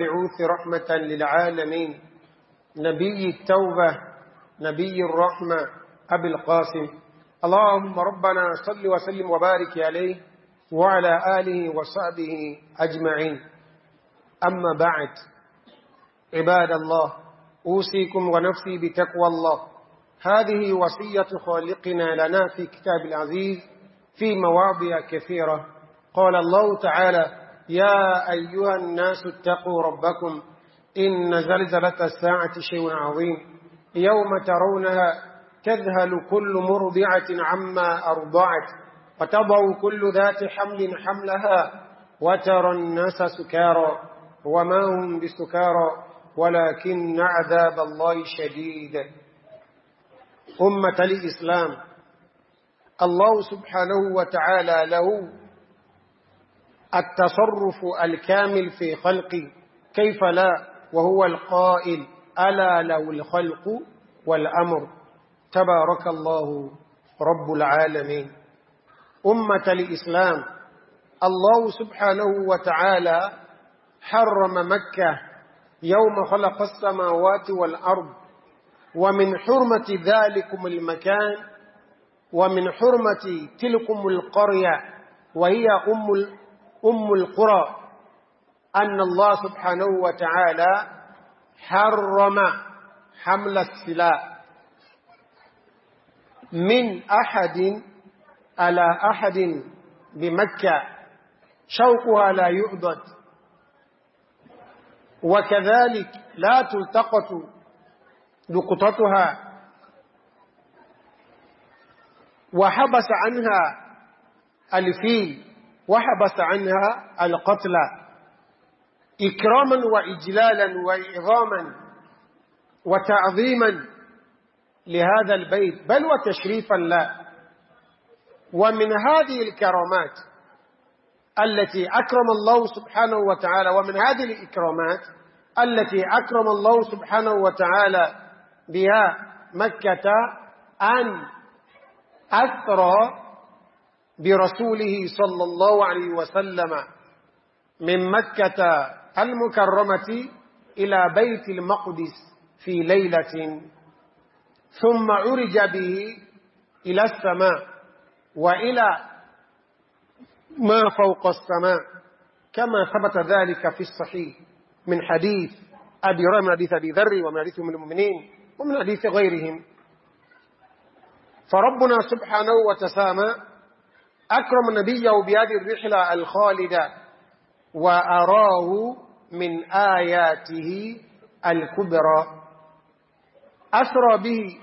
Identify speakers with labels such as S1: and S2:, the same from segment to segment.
S1: بعوث رحمة للعالمين نبي التوبة نبي الرحمة أبي القاسم اللهم ربنا صل وسلم وبارك عليه وعلى آله وصحبه أجمعين أما بعد عباد الله أوصيكم ونفسي بتقوى الله هذه وصية خالقنا لنا في كتاب العزيز في مواضع كثيرة قال الله تعالى يا أيها الناس اتقوا ربكم إن زلزلة الساعة شيء عظيم يوم ترونها تذهل كل مرضعة عما أرضعت وتضع كل ذات حمل حملها وترى الناس سكارى وما هم بسكارى ولكن عذاب الله شديد أمة الإسلام الله سبحانه وتعالى له التصرف الكامل في خلقي كيف لا وهو القائل ألا لو الخلق والأمر تبارك الله رب العالمين أمة الإسلام الله سبحانه وتعالى حرم مكة يوم خلق السماوات والأرض ومن حرمة ذلكم المكان ومن حرمة تلكم القرية وهي أم أم القرى أن الله سبحانه وتعالى حرم حمل السلاح من أحد على أحد بمكة شوقها لا يؤضد وكذلك لا تلتقط لقطتها وحبس عنها الفيل وحبس عنها القتل إكراما وإجلالا وإعظاما وتعظيما لهذا البيت بل وتشريفا له ومن هذه الكرامات التي أكرم الله سبحانه وتعالى ومن هذه الإكرامات التي أكرم الله سبحانه وتعالى بها مكة أن أثرى برسوله صلى الله عليه وسلم من مكة المكرمة إلى بيت المقدس في ليلة ثم عرج به إلى السماء وإلى ما فوق السماء كما ثبت ذلك في الصحيح من حديث أبي من حديث أبي ذر ومن حديث من المؤمنين ومن حديث غيرهم فربنا سبحانه وتسامى أكرم نبيه بهذه الرحلة الخالدة وأراه من آياته الكبرى أسرى به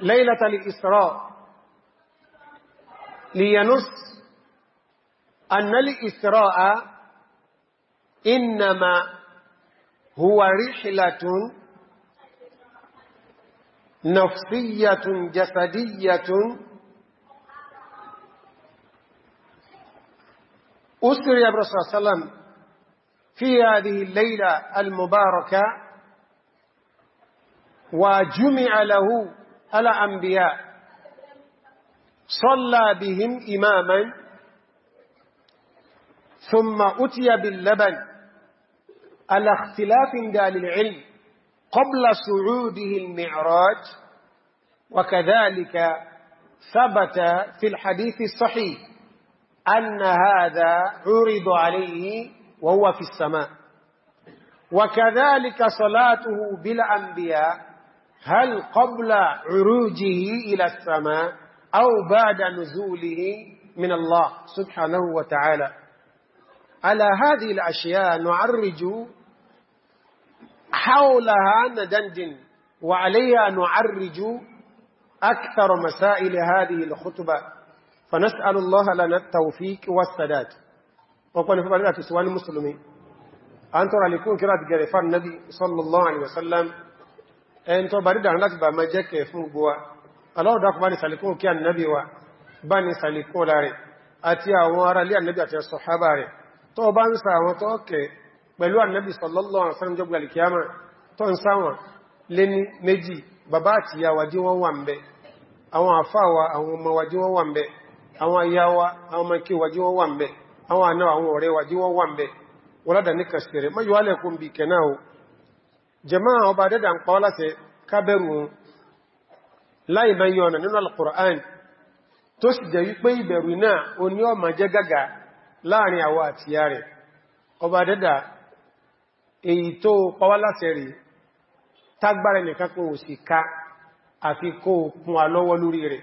S1: ليلة الإسراء لينص أن الإسراء إنما هو رحلة نفسية جسدية أسر يا برسول صلى الله عليه وسلم في هذه الليلة المباركة وجمع له الأنبياء صلى بهم إماما ثم أتي باللبن على اختلاف دال العلم قبل صعوده المعراج وكذلك ثبت في الحديث الصحيح أن هذا عرض عليه وهو في السماء وكذلك صلاته بالأنبياء هل قبل عروجه إلى السماء أو بعد نزوله من الله سبحانه وتعالى على هذه الأشياء نعرج حولها ندندن وعليها نعرج أكثر مسائل هذه الخطبة فنسأل الله لنا التوفيق والسداد وقال في بلغة سوان المسلمين أن ترى لكون كرات جريفان النبي صلى الله عليه وسلم أن ترى بريد عن لك بما جاك يفنق الله داك باني سالكون كيان النبي و باني سالكون لاري أتيا وارا لي النبي أتيا الصحابة ري تو بانسا وتوكي بلو النبي صلى الله عليه وسلم جبل الكيامة تو انساوا لني méjì bàbá àti ìyá wa dí wọ́n wà ń bẹ àwọn ayáwa àwọn ọmọ kí wájí wọ́n wà ń bẹ̀ àwọn àná àwọn ọ̀rẹ́ wájí wọ́n wà ń bẹ̀ wọ́ládà ní kàṣẹ̀rẹ̀ mọ́ yíwá lẹ́kùn bí kẹ̀nà o jẹ́mọ́ ọba dẹ́dà ń pàwọ́ láti kábẹ̀rù wọn láì bá yọ̀nà nínú alkùrán tó sì jẹ́ wípé ìbẹ̀rù náà o ká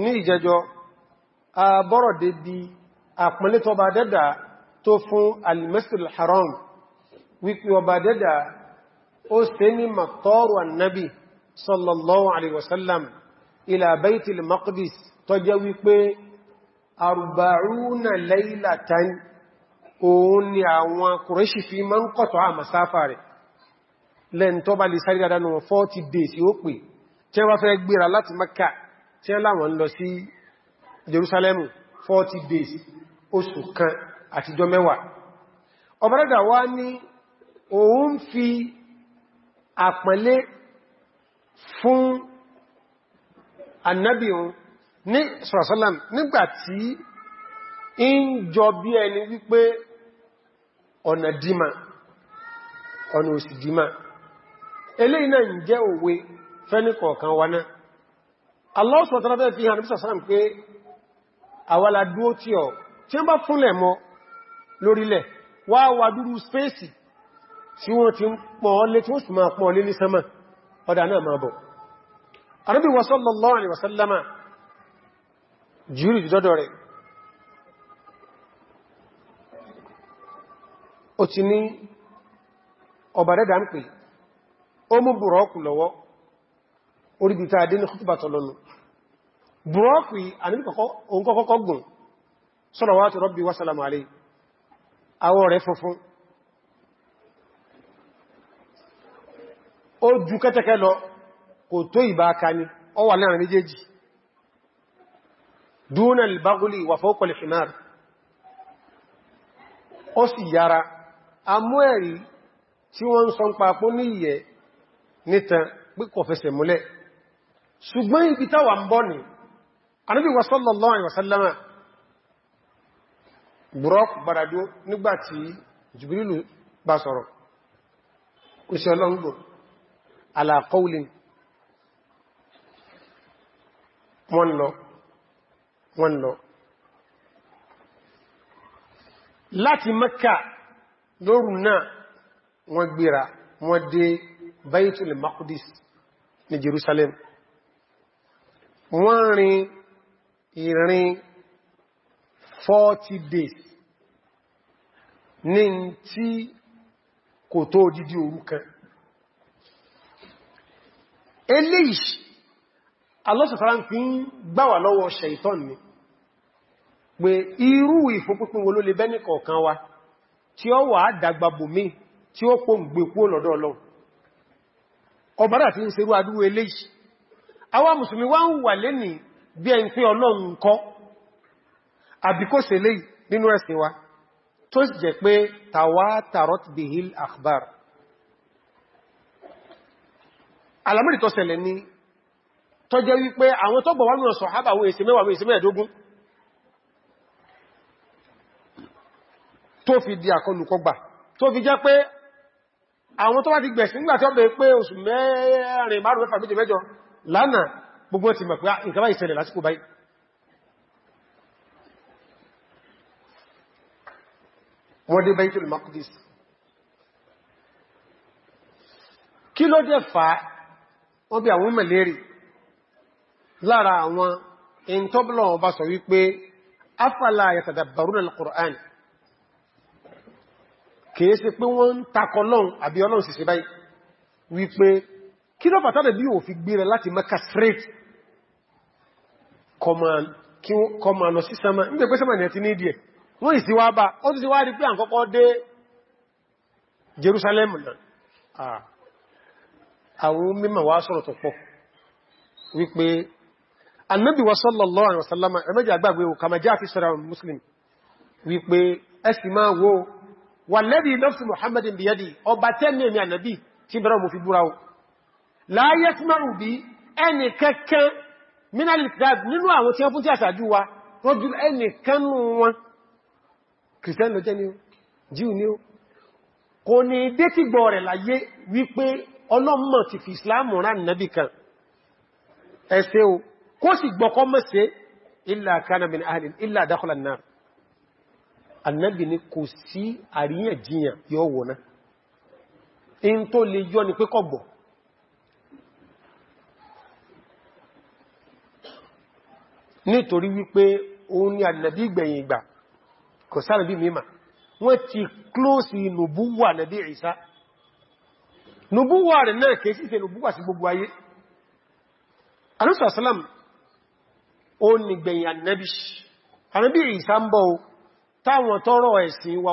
S1: ní ìjẹjọ àbọ́rọ̀ dé bí àpínlẹ̀ tó bá dẹ́dà tó fún al-masjidil haram wípé ọba dẹ́dà ó ṣe ní maqtaru annabi sallallahu alaihi wasallam ila baitil maqdis tó jẹ́ wípé arba'una laylatan òun ni àwọn kùrẹ́ṣì fi máa ń kọ̀tọ̀ à masáfà rẹ̀ lẹ́n bá lè sáré dáadáa 40 days yóò pè tí fẹ́ gbéra láti Makkah tí wọ́n láwọn ń lọ sí Jerusalemu 40 days oṣù kan àtijọ́ mẹ́wàá ọbárádà wá ní òun fi àpẹẹlẹ́ fún annabi òun ní sọ̀rọ̀sọ́lám nígbàtí in jọ bí ẹni wípé ọ̀nà díma ọ̀nà òsì díma eléyìí náà ń jẹ́ òwe fẹ́nìkọ̀ọ̀kan wa náà Allah subhanahu wa ta'ala fi hàn nípa sàrán pé àwàlà dúó tí ọ tí ó bá fúnlẹ̀ mọ́ lórílẹ̀ wá wà dúró spéèsì tí wọ́n ti ń pọ̀ọ́lé tí ó sì máa pọ̀ọ́lé ní sánmà ọ̀dà náà máa bọ̀. Ànábì wa sallallahu oríbi tí a dé ní kútùbà tọ́lọ́nù búrọ́kù àníkọ́kọ́ gùn salawatu rabbi wa salamu alayhi àwọ̀ rẹ̀ funfun ó ju kẹ́tẹ́kẹ́ lọ kò tó ìbáka ni ó wà láàrin méjèèjì dúnà albaguli wà fawqa alhimar ó sì yára amú ẹ̀rí tí wọ́n ṣùgbọ́n ibi táwà ń bọ́ ni anábí sallallahu alaihi wasallama burok barado nígbàtí jibrilu bá sọ̀rọ̀ oṣẹ́ ọlọ́ngbò ala qawlin wọ́n lọ wọ́n lọ láti Makka lóòrùn náà wọ́n gbéra wọ́n dé Baitul Maqdis ní Jerusalem wọ́n rin ìrìn 40 days ní tí kò tó dídí òru kan eléyìí alọ́sọ̀tara fi ń gbáwà lọ́wọ́ ìtọ́n ni pé irú ìfòpínpín wo ló lè bẹ́ni kọ̀ọ̀kan wa tí ó wà àdàgbàbò mí tí ó pò ń gbé kúrò lọ́dọ̀ ọlọ́run ọbára fi ń serú adúrú eléyìí àwọn mùsùlùmí wá ń wà lé ní bí ẹn pé ọlọ́run kọ́ àbíkóṣe lè nínú ẹ̀sìn wa tó jẹ́ pé tawatarot bihil akhbar alamiri tó ṣẹlẹ̀ ní tó jẹ́ wípé àwọn tó gbọ̀ wá nínú sọ̀hábà wọ́n èsì mẹ́wàá èsì mẹ́ẹ̀dógún tó fi di àkọlùkọgbà tó fi jẹ́ pé àwọn tó wá ti gbẹ̀sìn nígbàtí ó bẹ̀ẹ́ pé oṣù mẹ́rin márùn-ún mẹ́fà méje mẹ́jọ lánàá gbogbo ti mọ̀ pé ìkàbá ah, ìṣẹ̀lẹ̀ lásìkò báyìí wọ́n dé Baitul Maqdis kí ló dé fà wọ́n bí àwọn mẹ̀lẹ́rì lára àwọn ìntọ́bùlọ̀ ọba sọ wípé afala yatadabbaruna al-Qur'an kìí ṣe pé wọ́n ń àbí ọlọ́run sì sí báyìí wípé kí ló fàtàdẹ̀ bí o fi gbére láti Mẹ́kà straight kọmọ lọ sí sánmà ní pẹ̀pẹ́ sánmà ní ẹ̀tí ní ìdíẹ̀ wọ́n ìsí bá ó tún wá rí pé àkọ́kọ́ dé Jerusalem náà àwọn mímọ̀ wá sọ̀rọ̀ tó pọ̀ wípé annabi wa sallallahu alaihi wasallam ẹmẹ́jì àgbàgbé o kàmà jáà muslim wípé ẹsì wo wà nafsi Muhammadin biyadi ọba tẹ́mì ẹ̀mì annabi tí bẹ̀rẹ̀ mo fi búra láyé tímọ̀rù bí ẹni kẹ́kẹ́ minalikitab nínú àwọn tí wọ́n fún tí àṣàjú wa rọ́jú ẹni kẹ́nu wọn kìrìsìtẹ́nì ló jẹ́ ní o jíù ní o kò ní dé tí gbọ́ rẹ̀ láyé wípé ọlọ́mọ ti fi islamu rán nàbì kan ẹ̀ṣẹ́ o kó sì gbọ́kọ́ mẹ́sẹ̀ illa kana min tó le yọ ni pé kọ̀gbọ̀ nítorí wípé òun ni ànàbí gbẹ̀yìn ìgbà kò sánàbí mímà wọ́n ti klóòsì nùbúwà nàbí Ìsá nùbúwà rẹ̀ náà kèsí ìfẹ́ nùbúwà sí gbogbo ayé alúsàsálàm ó ní gbẹ̀yìn ànàbí ànàbí Ìsá ń bọ̀ táwọn tọ́rọ ẹ̀sìn wa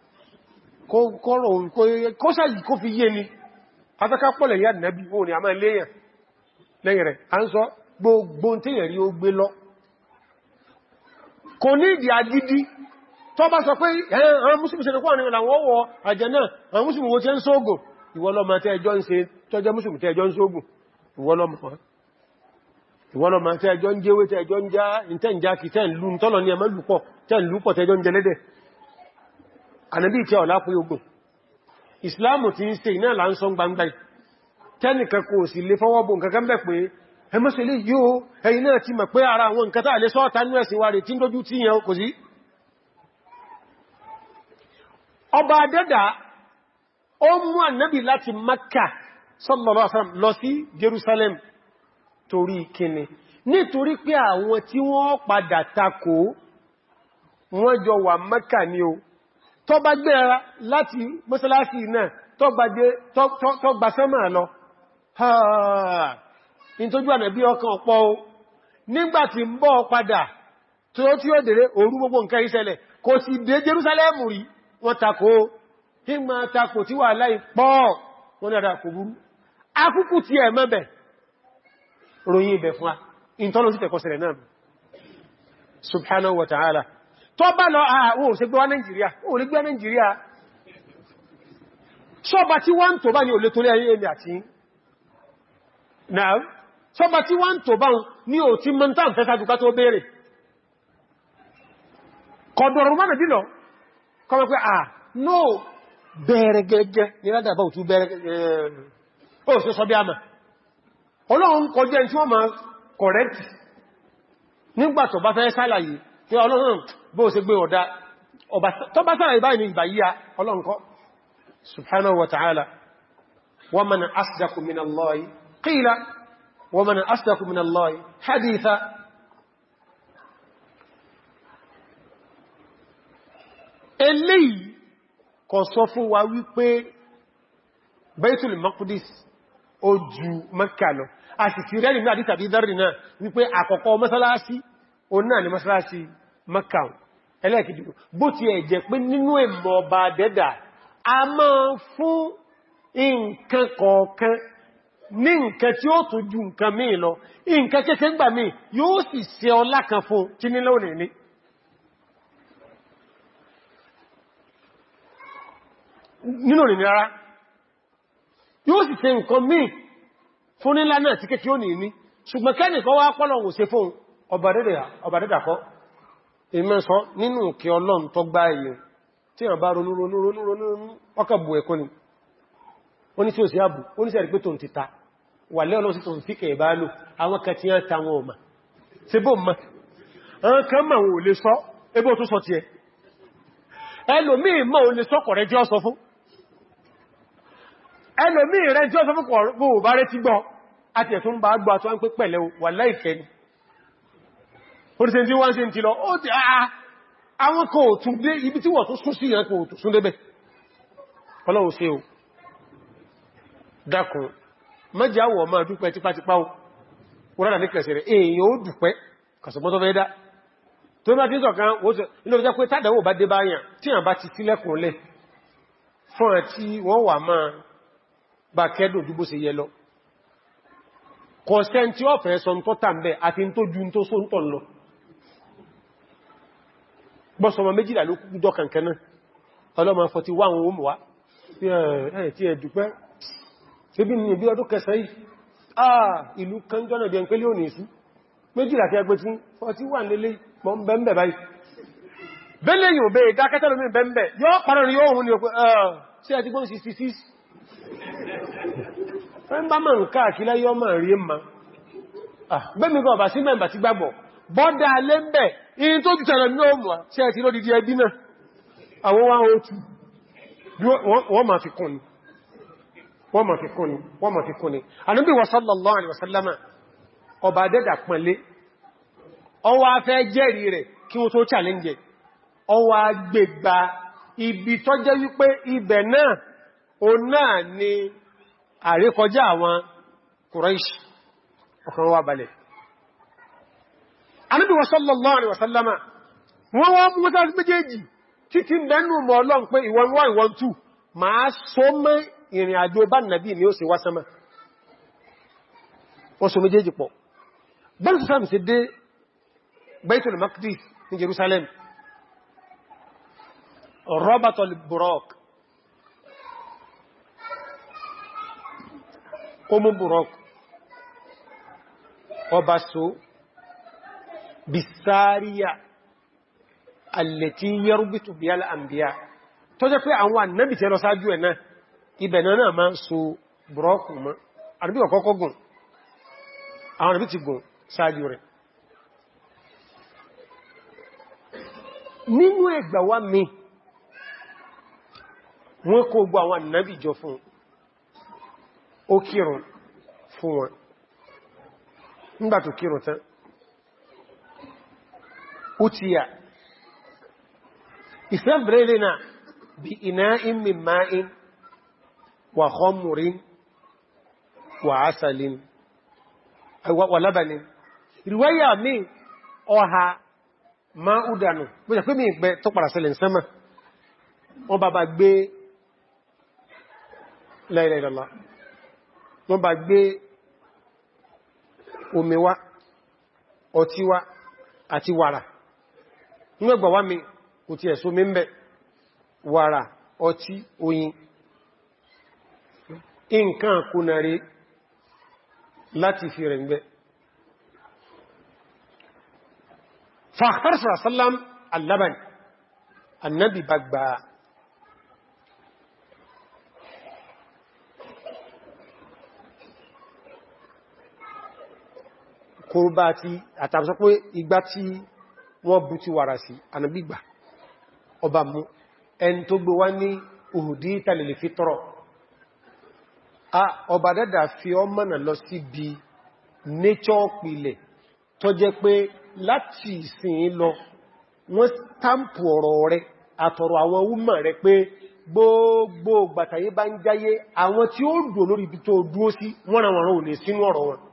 S1: kọ́rọ̀ kọ́ṣà yìí kó fi yé ni afẹ́ká pọ̀lẹ̀ yà nẹ́bí o ni a máa léyàn lẹ́yìn rẹ̀ a ń sọ gbogbo tíyàn rí ó gbé lọ kò ní ìdí agídí tó bá sọ pé àwọn mùsùlùmí ṣe kọ́wàá nílò àwọn ọwọ́ àjẹ́ náà àwọn mùsùlùmí wo tí ń sóògùn ìwọ́lọ́mà tẹ́ ẹjọ́ ń ṣe ànàbí tí ọ̀lá pé ogun ìsìláàmù ti ń ṣe iná là ń sọ gbangba tẹ́nìkan kò sì lè fọwọ́bùn kankan bẹ̀ pé ẹmọ́sílẹ̀ yóò ẹ̀yin náà ti mọ̀ pé ara àwọn nǹkan tàà lè sọ́ọ̀tà ní ẹ̀sìn wa rẹ̀ tí ń dójú tí yẹn kò sí ọba adẹ́dà ó mú ànábì láti Makka sallallahu Jerusalem torí kíni nítorí pé àwọn tí wọ́n padà takò wọ́n jọ wà tó bá gbéra láti mọ́sálásí náà tó gbà sánmà lọ in tó jú ànàbí ọkàn ọ̀pọ̀ o nígbàtí ń bọ́ padà tó tí ó dèrè òru gbogbo nǹkan ìṣẹ̀lẹ̀ kò sì dé Jerúsálẹ́mù rí wọ́n takò hímọ̀ takò tí wà láì pọ̀ wọ́n dára kò burú akúkú ti ẹ̀ mẹ́bẹ̀ ròyìn wa ta'ala tó bá lọ àwọn ah, òṣègbé wá Nàìjíríà ó lè gbé Nàìjíríà sọba tí wọ́n tó bá ní olè torí ayé èmì àti náà sọba tí wọ́n tó bá ní ò tí mọ́ntá ń fẹ́sà jùká tó béèrè kọ̀dọ̀rọ̀ mọ́nà dínà kọmọ pé à no bẹ̀rẹ̀ gẹ́gẹ́ ní rádàbà òtú bẹ̀rẹ̀ pé ọlọ́run bó ṣe gbé ọ̀dá tó bá sára ìbáyìí ìgbà yíya ọlọ́run kọ́ subhanahu wa ta'ala wa man asdaqu min Allahi qila wa man asdaqu min Allahi haditha eléyìí kò sọ fún wa wípé Baitul Maqdis ojú Mẹ́kà lọ a sì ti rẹ́ nínú àdítàbí dárì náà wípé àkọ́kọ́ mọ́sálásí òun náà ni mọ́sálásí Maka ẹlẹ́ẹ̀kìdìgbò bó ti pé nínú ẹ̀mọ̀ ọba dẹ́dà a máa fún nǹkan kọ̀ọ̀kan ní nǹkan tí ó tó ju nǹkan míì lọ nǹkan kéèké gbà míì yóò sì se ọlá kan fún kí ní lónìí nínú òní rárá yóò sì nǹkan míì fún nílá náà tí ó wá pọ́lọ̀ fún kọ́ èmọ́ sọ nínú kí ọlọ́n tó gbá èyí tí wọ́n bá ronú ronú ronú ronú ọkàbù ẹ̀kọ́ ni wọ́n ní tí ó sí àbù ó ní sẹ́rì pé tó ń ti ta wà lẹ́ ọlọ́sí tó ń fi kẹ̀ẹ̀bá lò àwọn kẹtí yán ta wọn ọmọ ṣe bó mọ́ àwọn kan mọ̀ ò oríṣẹ́ tí wọ́n ṣe ń ti lọ ó ti àà ah, ah, àwọn kò tún dé ibi tí wọ́n tún sún sí ìyàn kò tún sún débẹ̀ ọlọ́run ṣe o dákun mẹ́jẹ́ àwọ̀ máa dúpẹ́ tipátipá o wọ́n rà ní kẹsẹ̀ rẹ̀ èèyàn ó dúpẹ́ kàṣọ̀gbọ́tọ́ fẹ́ dá tó bá tí sọ̀kan inú ọjọ́ pé tádàwò bá dé báyàn tí à bá ti sílẹ̀kùn lẹ̀ fún àti wọ́n wà máa bá kẹ́dùn dúgbó se yẹ lọ kọ̀ọ̀sẹ́ tí ọ̀fẹ́ sọ ń tọ́ta ń bẹ̀ àti ń tó ju ń tó sóńtọ̀ lọ bọ́sọmọ méjìlá ló kújọ kankan náà ọlọ́mọ 41 ohun wá tí ẹ dúpẹ́ ṣébí ní ibi ọdún kẹsàn yìí àà ah, ìlú kanjọ́nà jẹ́ pẹ́lẹ̀ òní ìsú méjìlá kí agbé tí 41 lélé mọ́ bẹ́m̀bẹ̀ báyìí bẹ́lẹ̀ yóò bẹ́ dákẹ́tẹ́lómi bẹ́m̀bẹ̀ yóò parọ́ ni yóò hun ni ọkùn sí àti gbọ́n 66 fẹ́ ń bá mọ̀ nǹkan ah, àkílá bọ́dà alẹ́ ń in tó jù tẹ̀rẹ̀ náà mọ̀ ṣe ti lódìdí ẹbí náà àwọn wá wọ́n ma fi kún ni ma fi wọ́n ọba dẹ́dà pọ̀lẹ́ ọwọ́ afẹ́ jẹ́rìí rẹ̀ kí wọ́n tó challenge ọwọ́ agbègbà ibi jẹ́ wípé ibẹ̀ Ànábì wa sallallahu alaihi wasallama wọ́n wọ́n mú mọ́sá méjèèjì títí lẹ́nu mọ́ ọlọ́n pé ìwọ̀n wọ́n ìwọ̀n tú máa so mọ́ ìrìn àjò bá nàbí ni ó sì wá sánmà wọ́n so méjèèjì pọ̀ bẹ́ẹ̀ sọ́sàm sí dé ọba so bisáríyà àlètí yẹrùbìtù bí al'ambiya tó jẹ́ pé àwọn annabi tẹ́ lọ sáájú ẹ̀ ibẹ̀ náà ma so búrọ́kù mọ́ àrùbí ọ̀kọ́kọ́ gùn àwọn ti gùn sáájú rẹ̀ nínú ẹgbà mi wọ́n kó gbọ́ àwọn annabi jọ fún ó fún wọn tán أتي استبر لنا بإناء من ماء وخمر وعسل ولبن رواية من أها ما أدانو bóyá pé mi ìgbẹ́ tó padà sẹlẹ̀ sẹ́mà wọ́n bá bá gbé la ilaha illallah wọ́n bá gbé omi wá ọtí wá àti wàrà nínú ẹgbà wá mi kò ti ẹ̀sùn mi ń bẹ̀ wàrà ọtí oyin nǹkan kùnà rí láti fi rẹ̀ ń bẹ̀ fàkàtàrà sàrásálàm alábàní annabi bá kò bá ti àtàbísọ́ pé ìgbà wọ́n bú ti wàrà sí ànàbígbà ọba mú ẹni tó gbé wá ní òhùdí ìtàlẹ̀lẹ̀ fi tọrọ ọba dẹ́dà fi ọmọ́nà lọ sí bí nature pìlẹ̀ tó jẹ́ pé láti ìsìn lọ wọ́n stampu ọ̀rọ̀ rẹ̀ àtọ̀rọ̀ àwọn woman rẹ̀ pé gbogbo gbàtàyé bá ń jáyé àwọn tí ó dùn lórí ibi tó dúó sí wọ́n ràn wọ́n ò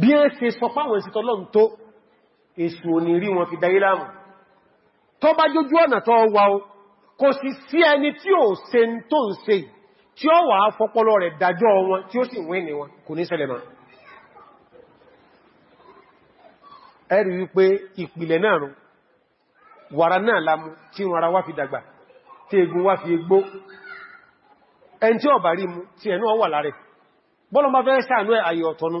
S1: bí ẹ́ ṣe sọ páwọn ìsìtọ́ lọ́n tó èṣù onírí wọn fi dáyé láàmù tó bá jójú ọ̀nà tó wà ó kò sì sí ẹni tí ó ṣe tó ń ṣe tí ó wà fọ́pọ́lọ rẹ̀ dájọ́ wọn tí ó sì wé ní wọn kò ní ṣẹlẹ̀ mọ́ ẹ̀rí wípé ìpìlẹ̀ náà rùn wàrà náà lámú tí ẹ̀ ayọ̀ ọ̀tọ̀nú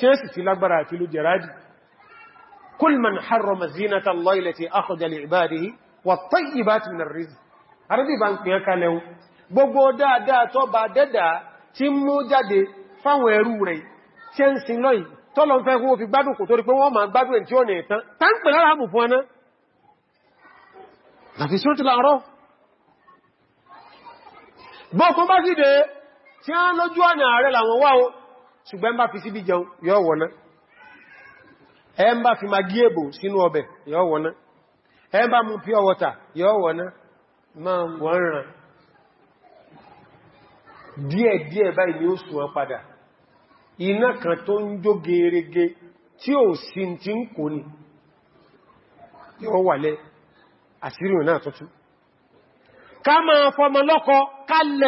S1: tí ó sì sí lágbára àti ló jẹ̀rádì kul man harrama zinata Allah allati akhraja li ibadihi wat-tayyibati min ar-rizq àríbì bá ń pè ẹ́ka lẹ́wọ́ gbogbo dáadáa tó bá dẹ́dà tí mú jáde fáwọn ẹrú rẹ̀ tí ń lójú ọ̀nà ààrẹ làwọn wáwọ́ ṣùgbọ́n bá fi síbí jẹun yọ wọ̀ná ẹ ń bá fi magí èbò sínú ọbẹ̀ yọ wọ̀ná ẹ ń bá mu pure water yọ ma wọ́n ràn díẹ̀ díẹ̀ báyìí ni ó sùn wọn padà iná kan tó ń jó tí ò sí ti ń kò ní yọ wàlẹ̀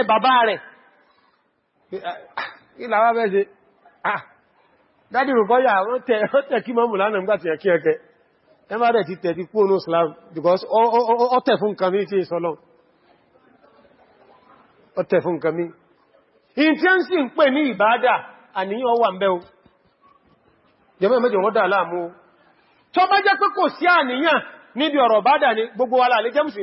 S1: baba Ah, dadi rùkọ́ yà wọ́n tẹ̀ wọ́n tẹ̀ kí mọ́mù lánàá nígbà tí yẹ kí má ti ti kúrò because ọ tẹ̀ fún nǹkan mi tí ì sọlọ́ ọ tẹ̀ fún ń pè ní o jẹ́mọ́ ìmẹ́jọ wọ́n dà láàmú o tó bá jẹ́ pé kò sí àníyàn níbi ọ̀rọ̀ gbogbo wa láàlé jẹ́mùsì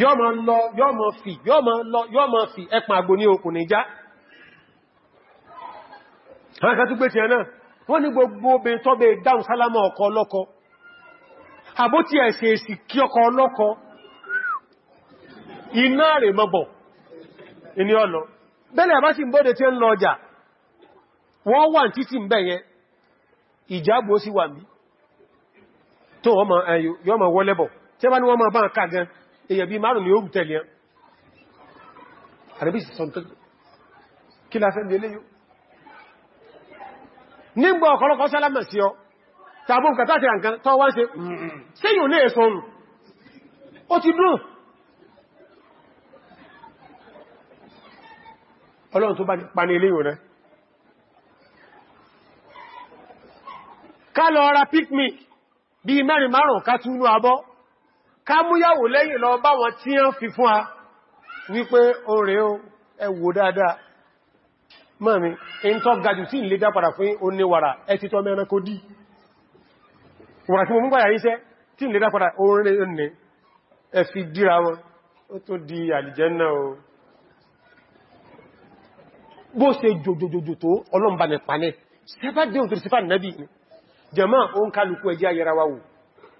S1: yọ́ ma lọ ma fi ma lọ ma fi ní okùn níjá tó gbogbo obìnrin dáhùn sálámà ọkọ ọlọ́kọ iná rẹ̀ mọ́bọ̀ ọ̀nà bẹ́lẹ̀ àbá sí tí ń lọ ọjà wọ́n wà títí ń bẹ̀yẹ ìjágbó sí wà mí tó wọ́n ma wọ́lẹ́bọ̀ tí wọ́n ma bá ń ká gan èyàn bí márùn ni ó rù tẹ̀lé ẹn àrẹ́bí sọ tó kí la fẹ́ lélé yóò nígbà ọ̀kọ̀lọ́kọ́ sálámà sí ọ tàbí òkàtà àti àǹkan tó wá ń ṣe sẹ́yìn olè èso ọ̀rùn ó ti dùn ọlọ́run tó bá pani ilé yóò rẹ ká lọ ra picnic bí mẹ́rin márùn ká túnú abọ́ ká múyàwó lẹ́yìn lọ bá wọn tí ń fi fún a wípé o rẹ̀ o ẹwò dáadáa mọ́mí in tó gajù sí ilé dápadà fún oníwàrà ẹti tó mẹ́rin kó dí wàrà tí mo múgbàyà iṣẹ́ tí ilé dápadà orin ní ẹ fi dìra wọn ó tó di àlìjẹ́nà o òun kálukú ẹjẹ́ ayẹra wò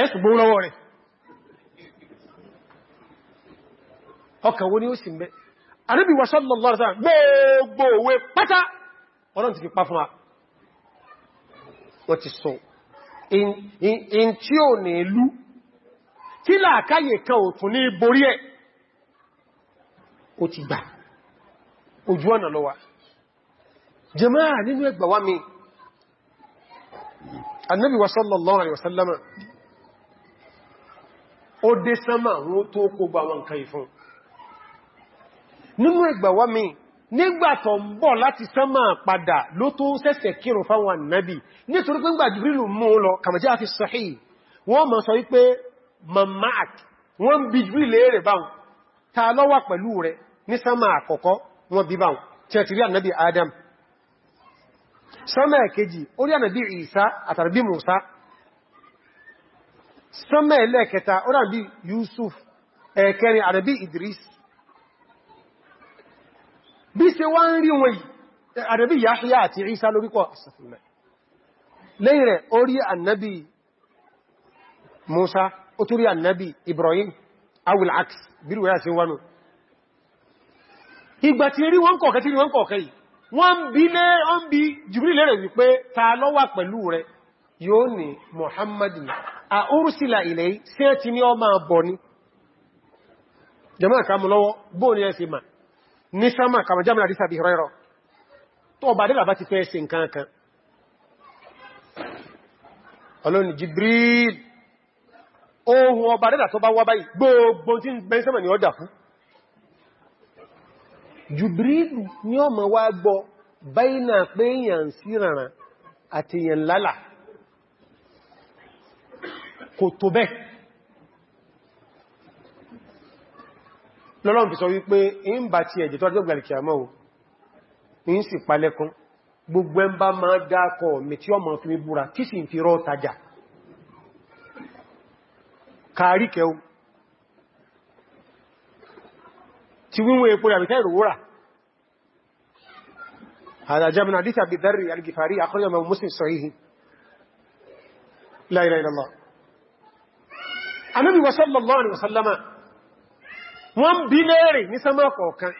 S1: ẹ̀ẹ́sù gbóhùn lọ́wọ́ rẹ̀ ọkà wo ni ó sì mẹ́ ànábì wa sallallahu alaihi wasallam gbogbo òwe pátá ọlọ́n ti fi pa fún wa wọ́n ti sọ in tí ò ní ìlú tí làákáyè kan ó ti gbà ojú ọ̀nà lọ́wà jàmáà nínú ẹgbàwá mi ànábì wa alaihi wasallama ó dé sánmà wọn tó kó gba wọn nǹkan ìfún nínú ìgbàwá mi nígbàtọ̀ ń bọ̀ láti sánmà padà ló tó sẹ́sẹ̀ kírùn fáwọn annabi nítorí pé gbà jùbílù mú lọ kàmàjá fi sahih wọ́n mọ̀ sọ wípé mamak wọ́n bí jùbílù adam sánmà kejì orí annabi isa àtàrà musa sánmà ẹlẹ́ẹ̀kẹta ó dàbí Yusuf ekeri àrẹ̀bí Idris bí ṣe wá ń rí wọn Isa lórúkọ ìsàfihàn lẹ́yìn rẹ̀ ó rí annabi Musa ó tó rí annabi Ibrahim awul aks biru rúwẹ́ àti wọn kọ̀ọ̀kẹ́ ta a orúsìlà ilẹ̀ sí ni ti ní ọmọ àbọ̀ ni jẹmọ́ àkàmù lọ́wọ́ bóò ní ma ní sámà kàmà jámà àdísà bí rẹ́rọ tó ọba dẹ́là bá ti fẹ́ ẹ̀sì nǹkan kan ohun gbogbo fún ọmọ wá gbọ́ báyìí na pé èèyàn kò tó bẹ́ lọ́lọ́run fi sọ wípé in bá ti ẹ̀jẹ̀ tó àjọ́gbà lè kìyàmọ́ o in sì palẹ́kún gbogbo ẹ bá máa dákọ̀ mi tí ọmọ fi mi búra tí sì fi rọ́ tajà kàríkẹ́ ti wíwọ́n epo rẹ̀ àbìtẹ́ ìròwúrà هذا جاء من حديث أبي ذر الغفاري أخرجه من مسلم صحيح لا إله anábi wasallallahu alaihi wasallama wọ́n bí lẹ́rẹ̀ ní sánmà kọ̀ọ̀kan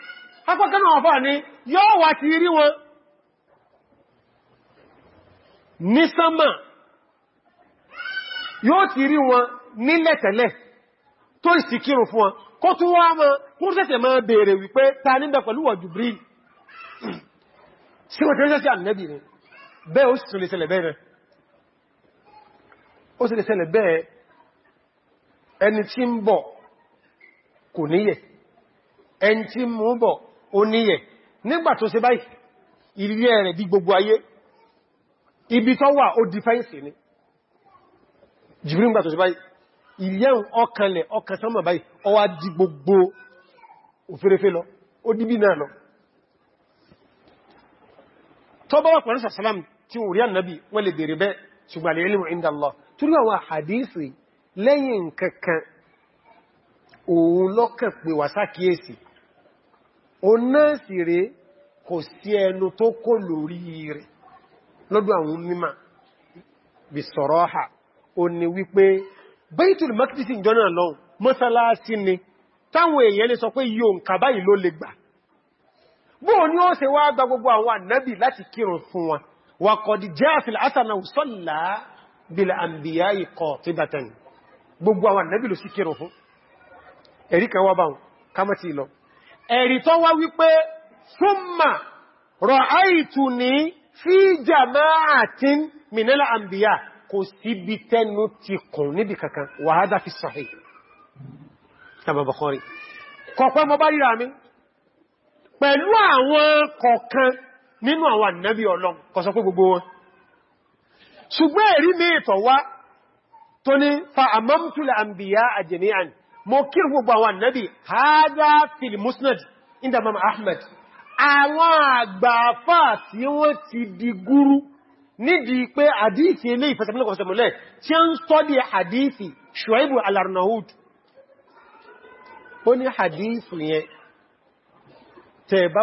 S1: apákaná ọ̀fà ní yóò wà ti rí wọn ní sánmà yóò ti rí wọn ní lẹ́tẹ̀lẹ̀ tó ìsìkírù fún wọn kó tún wá mọ́ kún sẹ́sẹ̀ máa bèèrè wípé ta ní bẹ̀ pẹ̀lú wọ̀ Jibril bẹ́ẹ̀ ẹni tí ń bọ̀ kò níyẹ̀ ẹni tí mú bọ̀ ó níyẹ̀ nígbà tó báyìí ìrírí ẹ̀rẹ̀ bí gbogbo ayé ibi tó wà ó dìfẹ́ǹsì ni jìbìrí nígbà tó ṣe báyìí ìlẹ́un ọkànlẹ̀ ọkàn di gbogbo lọ ó náà lọ lẹ́yìn nkankan òun lọ́kàn pè wà sákíyèsí o náà sì rẹ̀ kò sí ẹnu tó kó lórí rẹ̀ àwọn mímọ̀ bí sọ̀rọ̀ ha o ni wípé Baitul Maqdis jọna lọ́un mọ́sálásí ni táwọn èèyàn lè sọ pé yíò nǹkan báyìí ló lè gbà bóò ní ó wá gba gbogbo àwọn ànábì láti kírun fún wọn wà jẹ́ àfìlà asànà òsọ́lá bílà àmbìyà ìkọ̀ gbogbo àwọn ànábì ló sì kírùn fún ẹ̀rí kan wá báhùn kámọ́tí lọ ẹ̀rí tó wá wípé súnmà rọ̀ àìtù ní fí jama'atin minela àmbíyà kò síbi tẹnu ti kùn níbi kankan wàhádá fi sahih tàbàbàkọ́rí kọ̀pẹ́ mọ́ ṣùgbọ́n ẹ̀rí mi ìtọ̀ tó ní fa'amamtula àmbìyà a jami'an mo kí gbogbo àwọn annabi hada fil musnad inda mama ahmed àwọn àgbàfà tí wọ́n ti di gúrú nídi pé àdífì ilé ìfẹsẹ̀mọ́lẹ̀ tí ń sọ́dí àdífì ṣùwẹ́bù alarnahud ó ní àdífì yẹn tẹ bá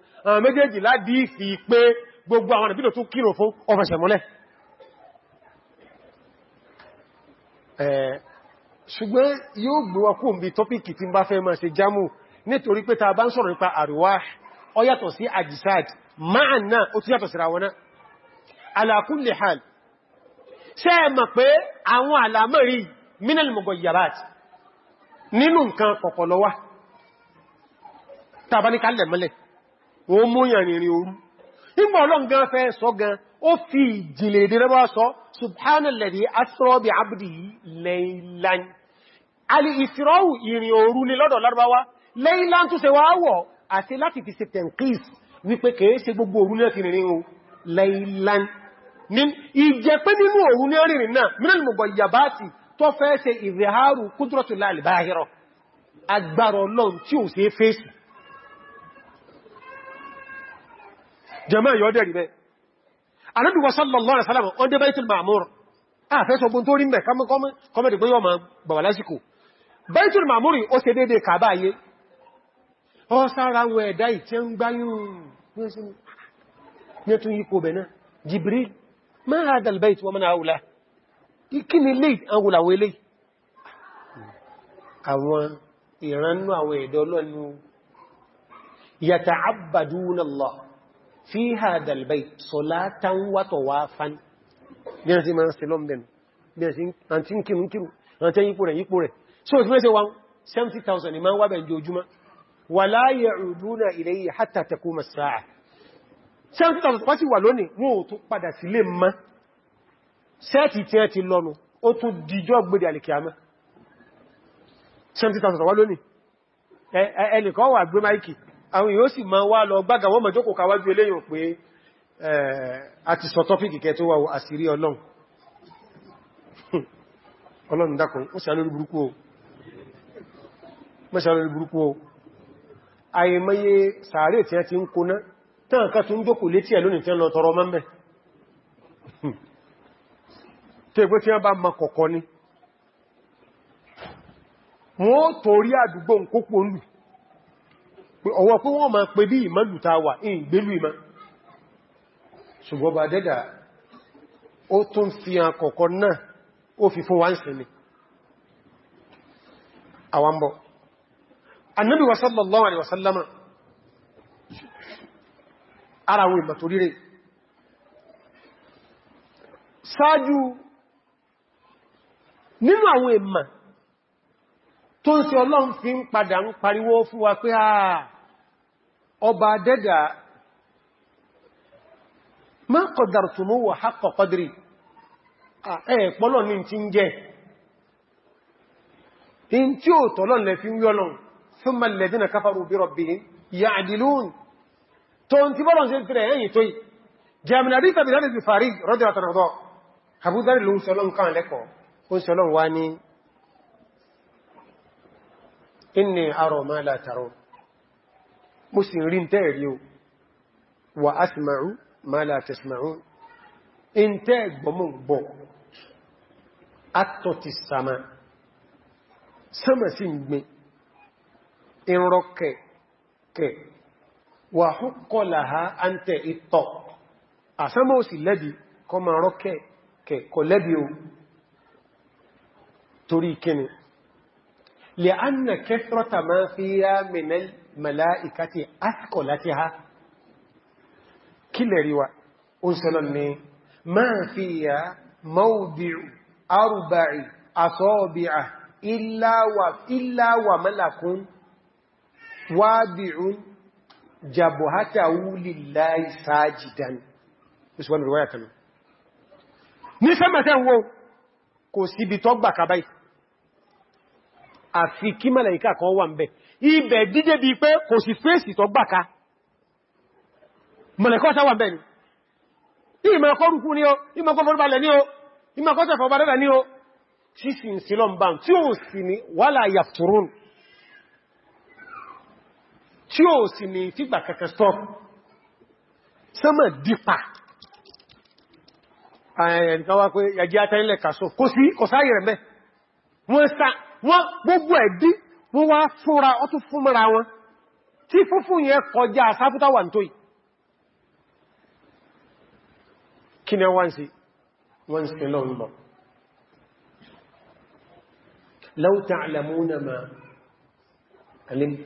S1: àwọn méjèèjì ládìí fi pé gbogbo àwọn àbílò tó kírò fún ọfẹsẹ̀ múlẹ̀ ṣùgbọ́n yóò gbé wa kó bí tọ́pìkì tí ń bá fẹ́ máa ṣe jámù nítorí pé ta bá ń sọ̀rọ̀ nípa àríwá ó yàtọ̀ sí àjísáàd máa ó mú yàn rìnrìn òru nígbà ọlọ́run gan fẹ́ sọ gan ó fi ìjìnlẹ̀ èdè rẹ́bọ́ sọ subhanalladhi asra bi abdihi laylan al-isra'u ìrìn òru ni lọ́dọ̀ lárúbáwá laylan tó ṣe wá wọ̀ àti láti fi ṣe tẹ̀ǹkìs wípé kèé ṣe gbogbo òru ní ẹ̀fìn rìnrìn o laylan ní ìjẹ́ pé nínú òru ní rìnrìn náà minal mughayyabati tó fẹ́ ṣe ìrìhárù qudratullahi al-bahira ọlọ́run tí ò ṣe fèsì jẹmọ́ yọ dẹ̀rì bẹ́ anábìwọ sallallahu alaihi wasallam ọdẹ baitul ma'mur àfẹ́ sọ gbọ́n tó rí mẹ́ kọ́mẹ́dì pé yọ ma bàwà lásìkò baitul ma'mur ó ṣe dédé kàbá ayé ọ sára wọ ẹ̀dá ìtẹ́ ń gbáyún ma hadha al-bayt wa man hawla ìkíni lè àwòlàwò ilé àwọn ìrànnú àwọn ìdọ́lọ́nu yata'abbaduna Allah في هذا البيت صلاة وطوافا بيانتي ما نستلم بين بيانتي انتين كيرو كيرو انتين يقول يقول so it means one 70000 imam wa ben jojuma wala ya'uduna ilayhi hatta taqum as-sa'a 70000 pati wa lónìí wọn ò tún padà sílé mọ́ seti ti ti lonu ó tún dijo gbede alikiyama 70000 wa lónìí eh eh ẹnìkan wá gbé àwọn yóò sì máa wá lọ gbága wọ́n mọ̀jókò káwájú eléyìn pé ti sọ tọ́pìkì kẹ tó wà àṣírí ọlọ́run ọlọ́run dákùn mọ́sàlórí burúkú o àìmọye sàárè tí a ti ń kóná tán ká tún jókò létí ẹ̀ lónìí tí ma ni ọwọ́ pé wọ́n máa pè bí ìmọ́lù ta wà ní ìgbélú ìmọ́ ṣùgbọ́n bá dẹ́dà ó tún fi hàn kọ̀kọ́ náà ó fi fún wáńsì ni àwambọ̀ annabi wa sallallahu alaihi wasallama ara wọn ìmọ̀ torí rẹ̀ ṣáájú nínú àwọn ìmọ̀ tó ń ṣe ọlọ́run fi ń padà ń pariwo fún wa pé àà ọba dẹ́dà ma qaddartumu wa haqqa qadri ẹ̀ pọ́lọ̀ ní tí ń jẹ́ in tí ó tọ́lọ̀ lẹ fi ń yọ́lọ̀ thumma alladhina kafaru bi rabbihim ya'dilun tó ń tí bọ́lọ̀ ń tẹ́rẹ ẹ̀yìn tó yìí inni ara ma la tarun مسلم رين تيريو واسمع ما لا تسمعون انت بمون بو اتوتي السماء سما سينمي ان روكي كي وحق لها انت اتو اسمو سي لبي كما روكي كي كولبيو توري كني لان كثره ما فيها من ال mẹ́láìkàtí àkọ̀ láti ha kílẹ̀ ríwá oúnṣẹ́lọ́n ni máa fi yà mọ́ọ̀dìrù arùbàì àsọ́ọ̀bìà ìláwà mẹ́làkún wábìrún jàbọ̀hátà wúlìláì sáàjìdán ní sẹ́mẹ̀tẹ́ wo kò síbi tọ́gbà kàbáyì àfi kí mẹ́lẹ̀ kan wà ń bẹ̀ ibẹ̀ dídé bí pé kò sí fèsì tó gbàká mọ̀lẹ̀kọ́ sáwà bẹ́ẹ̀ ni ìmọ̀lẹ̀kọ́ rúkú ní o ìmọ̀kọ́ fọ́nbalẹ̀ ní o ìmọ̀kọ́ tẹ̀fọ́ bá dẹ́dẹ̀ ní o tí sì ń sí lọ́mbà tí ó sì ní wàlá yàtùrún tí ó sì ní fígbà kẹkẹ sọ sọ́mọ̀ dípa ẹ̀ẹ̀kan wá pé yàjí atẹ́lẹ̀ kàṣọ kò sí kọ̀sáyẹ̀rẹ̀ mẹ́ wọ́n gbogbo ẹ̀dí wọ́n wá fúnra ọtún fún mọ́ra wọn tí fúnfún yẹn kọjá sáfútà wà tó yìí kí ni wọ́n sí wọ́n sí lọ́n lọ law ta'lamuna ma alimt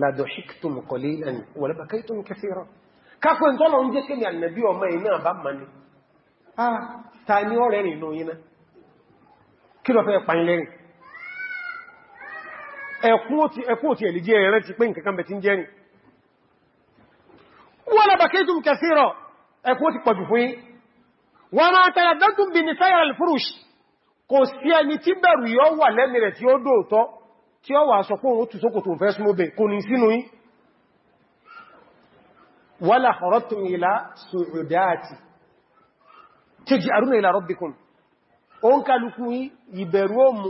S1: la dahiktum qalilan wa la bakaytum kathira kápẹ́ tọ́lọ ń jẹ́ kí ẹkún òtí ẹ̀lì jẹ́ ẹ̀rẹ́ ti pé nǹkan bẹ̀ tí ń jẹ́ ni wọ́n lábàkẹ́ tún kẹsìrọ̀ ẹkún òtí pọ̀jù fún yí wọ́n máa tẹ́yà dántún bí ní sáyà alfurush kò sí ẹni tí bẹ̀rù yọ wà lẹ́mì rẹ̀ tí ó dóòtọ́ tí ó wà sọ ila su'udati taj'aruna ila rabbikum ó ń kálukú yí ìbẹ̀rù ó mú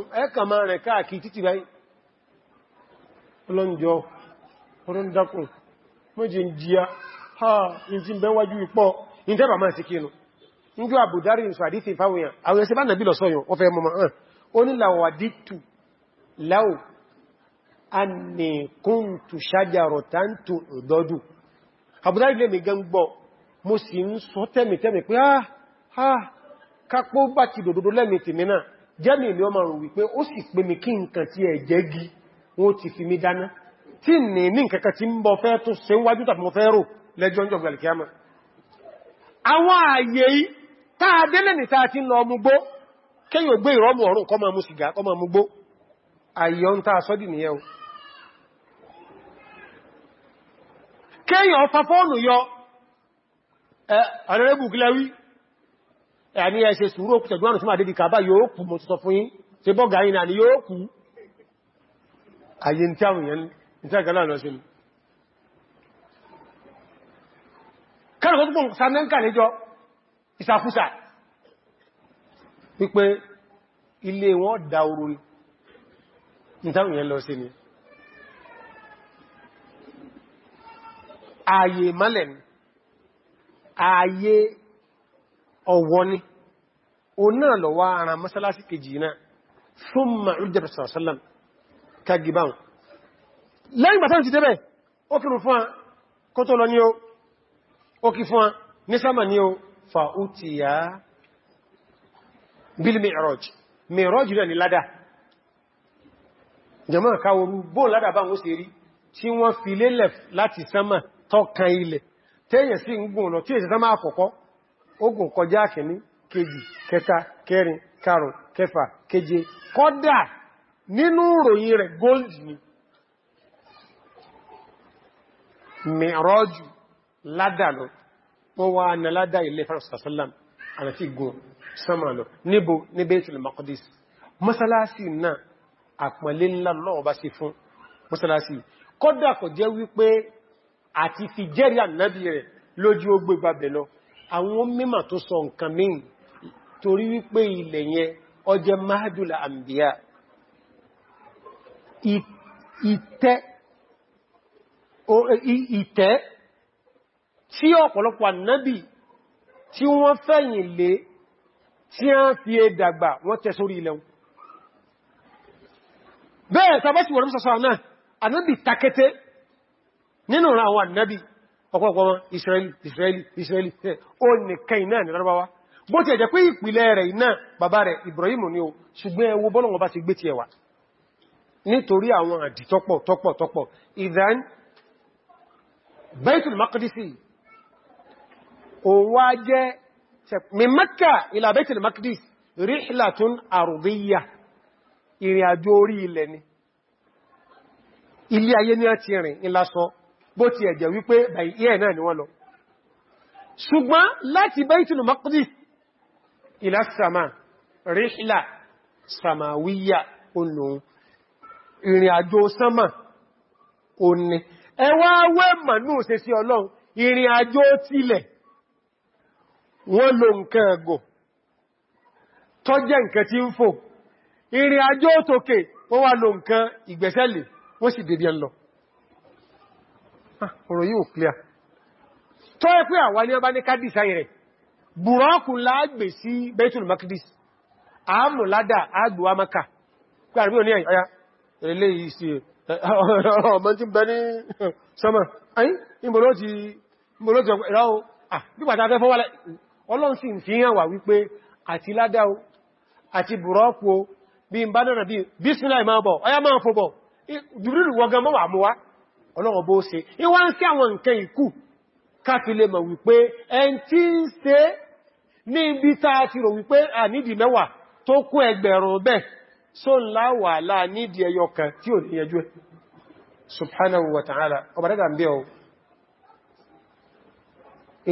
S1: rẹ̀ káàkiri títí báyìí ọlọ́njọ́ ọlọ́ndakùn mọ́jẹ ń jíyá ha in ti bẹ́ wájú ipọ́ in tẹ́bà máa ti kínu ń jọ àbùdárí ìsọ àdífẹ́ ìfáwòyàn àwọn ẹsẹ bá nàbí lọ sọ́yọ̀ wọ́n fẹ́ mọ́mọ́ hàn ó ní làwàdítù láò anìkúntù ha kápó bá ti dòdòdó lẹ́mìtì mìíràn jẹ́mì mi ọmọ rò wípé ó sì pè wọ́n ti fi mi dáná tí ní ní nǹkankan tí ń bọ̀ fẹ́ tó ṣe ń wájú tàbí mọ̀ fẹ́ rò lẹ́jọ́ ń jọgbẹ̀lẹ̀ kíámà àwọn ààyè yìí táa délẹ̀ ní táa ti lọ mugbó kéyò gbé ìrọ́mù ọ̀rùn kọ́ máa mú sìgá kọ́ máa mugbó àyọ ayé tí àwọn èèyàn ní tí àgbàlá lọ sí mi kẹ́rùkọ́ tó pọ̀ sàmẹ́ǹkà lẹ́jọ́ ìsàkúsà wípé ilé wọn dá orú ní táwọn èèyàn lọ sí ni ààyè mọ́lẹ̀ ni ààyè ọ̀wọ́ ni o náà lọ wá ara mọ́sálásí kejì náà fún ma'újẹ́ kagibáhùn lẹ́yìn bàtán ti tẹ́bẹ̀ ó kìrù fún a kó tó lọ ní o ó kì fún a ní sáàmà ní o fa ó ti yá bíl mi'raj mi'raj rẹ̀ ní ládá jẹmọ́ káworú bóòn ládá bá wọ́n sí rí tí wọ́n fi lélẹ̀ láti sáàmà tọ́kan ilẹ̀ tẹ́yẹ̀ sí gbùn tí nínú ìròyìn rẹ̀ gold ni mìíràjù ládà lọ wọ́n wá na ládà ilé farusasalam àti gun sama lọ níbo ní Baitul Maqdis mọ́sálásí náà àpọ̀lé ńlá lọ́wọ́ bá sí fún mọ́sálásí kọ́dà kò jẹ́ wípé àti fi jẹ́rí ànábì rẹ̀ lójú ó gbégbà bẹ̀lọ àwọn mímọ̀ tó sọ nǹkan míì torí wípé ilẹ̀ yẹn ó mahadula ambiya ìtẹ́ tí ọ̀pọ̀lọpọ̀ ànábì tí wọ́n fẹ̀yìn lé tí a ń fi ẹ̀dàgbà wọ́n tẹ́ sórí ilẹ̀ bẹ́ẹ̀ tàbátí wọ̀n sọ́sọ́ náà ànábì takété nínú àwọn ànábì ọ̀pọ̀lọpọ̀ wọn Israeli Israeli Israeli ó nìkan iná ní lọ́rọ̀báwá bó ti ẹ̀jẹ̀ pé ìpìlẹ̀ rẹ̀ iná bàbá rẹ̀ Ibrahim ni ó ṣùgbọ́n ẹwọ bọ́lọ̀wọ́ bá ti gbé ti ẹwà nítorí àwọn àdì tọ́pọ̀ tọ́pọ̀ tọ́pọ̀ ìdán Baitul Maqdisi ó wá jẹ́ min Makka ila Baitul Maqdis rihlatun arudiyya ìrìn àjò orí ilẹ̀ ni ilé ayé ní àti rìn ìlàsọ bó ti ẹ̀jẹ̀ wípé bàí ìyẹ̀ náà ni wọ́n lọ ṣùgbọ́n láti Baitul Maqdis ìrìn àjò sánmà òní ẹwà awẹ́ mànú ṣe sí ọlọ́run ìrìn àjò tilẹ̀ wọ́n lo nǹkan ẹ̀gọ̀ tó jẹ́ nǹkan tí ń fò ìrìn àjò tókè wọ́n wá lo nǹkan ìgbẹ̀sẹ̀lẹ̀ wọ́n sì dèbí ẹn lọ ah, yìí ilé ìsì ọmọ tí bẹ ní sọmọ ayi ìbòló ti ìrọ́ nígbàtà fẹ́ fọ́wọ́lẹ̀ ọlọ́nsì fi hàn wà wípé àti ládáwó àti bùrọ́pù bí n bá náà bí bísínà ìmọ̀ bọ̀ ọya máa fò bọ̀ jùbìrìrì wọgan mọ́ wà mú wá ọlọ́wọ́ bó ṣe ìwá ń sí àwọn nǹkan ìkú káfilé mọ̀ wípé ẹn tí ń ṣe ní ibi tá a ti rò wípé ànídìí mẹ́wàá tó kú ẹgbẹ̀rún bẹ́ẹ̀ so láwà láà nídìí ẹyọ kan tí ò ní ẹjú ẹ subhanahu wa ta'ala ọba dẹ́gbà ń bẹ́ ọ